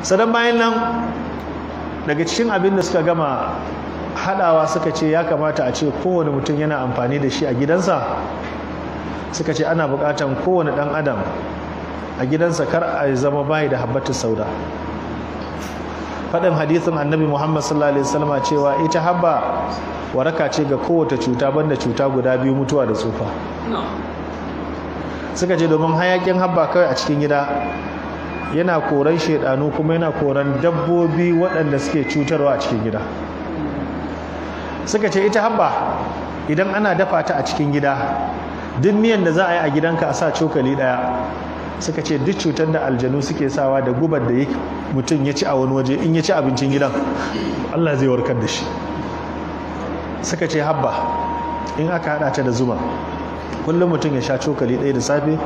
sadan bayan nan daga cikin abin da suka gama hadawa suka ce ya kamata a ce kowane mutum yana amfani da shi a gidansa suka ce ana bukatan kowane dan adam a gidansa kar a zama bayi da habbatin sauda faɗin hadithin annabi muhammad sallallahu alaihi wasallam cewa ita habba waraka ce ga kowace cuta banda cuta guda biyu mutuwa da tsufa suka ce domin hayakin habba kawai a cikin gida yana koran shaidanu kuma yana koran dabbobi waɗanda suke cutarwa a cikin gida suka ce ita habba idan ana dafa ta a cikin gida duk miyan da za a yi a gidanka a sa cokali ɗaya suka ce duk cutar da aljanu suke sawa da gubar da mutum ya ci a wani waje in ya ci abincin gidan Allah zai warkar da shi suka ce habba in aka haɗa ta da zuma kullum mutum ya sha cokali ɗaya da safe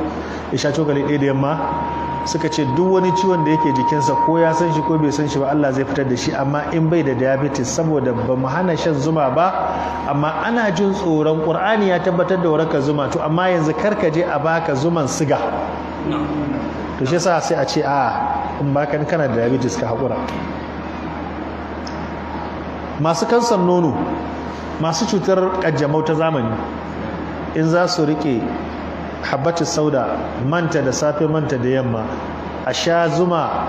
ya sha cokali ɗaya da yamma suka ce duk wani ciwon da yake jikinsa ko ya san shi ko bai san shi ba Allah zai fitar da shi amma in bai da diabetes saboda ba mu hana shan zuma ba amma ana jin tsoron Qur'ani ya tabbatar da warakar zuma to amma yanzu kar ka je a baka zuman siga to shi yasa sai a ce a in bakan kana da diabetes ka hakura masu kansan nono masu cutar ƙajjamau ta zamani in za su rike habbatu sauda manta da safe manta da yamma a sha zuma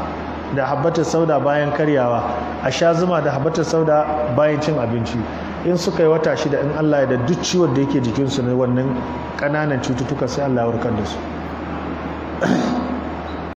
da habbatu sauda bayan karyawa a sha zuma da habbatu sauda bayan cin abinci in suka yi wata shida in Allah ya da duk ciwon da yake jikinsu ne wannan ƙananan cututtuka sai Allah ya warkar da su